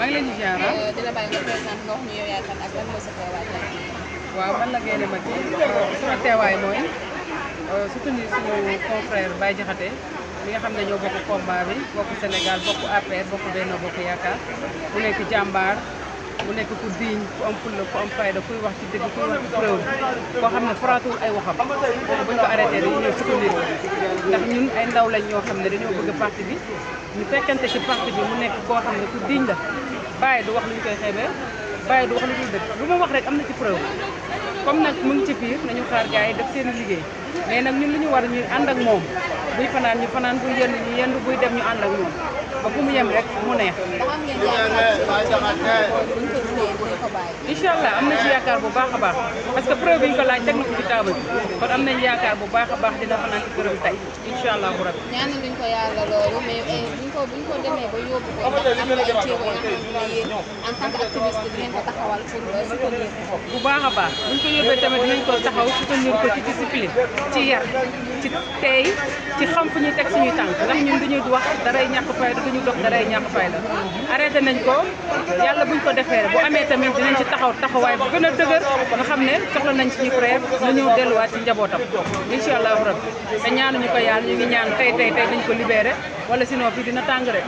maa ngi leen di ziar eh, la bàyyi nga présenté nga wax ñu mooy sa teewaay tey. man la Gaynde Mati euh, mooy euh, soutenir suñu confrère Baye Diakhaté li nga xam ne ñoo bokk combat bi bokk Sénégal bokk APR bokk Benno Bokk Yaakaar mu nekk jàmbaar. ku nekk ku diiñ ku am fulla ku am fayda kuy wax ci dëgg kuy preuve koo xam ne faratuwul ay waxam boobu buñ ko arrêté dañu ñëw soutenir ndax ñun ay ndaw lañ ñoo xam ne dañoo bëgg parti bi ñu fekkante ci parti bi mu nekk koo xam ne ku diiñ la bàyyi du wax lu ñu koy xeebee bàyyi du wax lu dul dëgg lu mu wax rek am na ci preuve comme nag mu ngi ci biir nañu xaar gars yi def seen liggéey mais nag ñun li ñu war ñu ànd ak moom buy fanaan ñu fanaan buy yendu ñu yendu buy dem ñu ànd ak ba fu mu yem rek mu neex. incha bu baax a baax parce que preuve yi ko laaj teg na ko ci table bi bu baax a baax dina fa naan ci preuve tey incha allah bu rafet. ñaan nañu ko yàlla loolu mais eh, bu ñu ko bu ñu ba yóbbu ko ndax am na ay jéego euh, a baax bu ñu ko yóbbee tamit dinañ ko taxaw soutenir ko ci discipline ci yar ci tey ci xam fu ñuy teg suñuy tànk duñ wax daray ñàkk fayda duñu dox daray ñàkk fayda arrêté nañ ko yàlla buñ ko defee bu amee tamit dinañ ci taxaw taxawaay bu gën a dëgër nga xam ne soxla nañ suñu frère ñu ñëw delluwaat ci njabootam incha allahu rabbi te ñaanuñu ko yàlla ñu ngi ñaan tey tey tey dañ ko libéré wala sinon fii dina tàng rek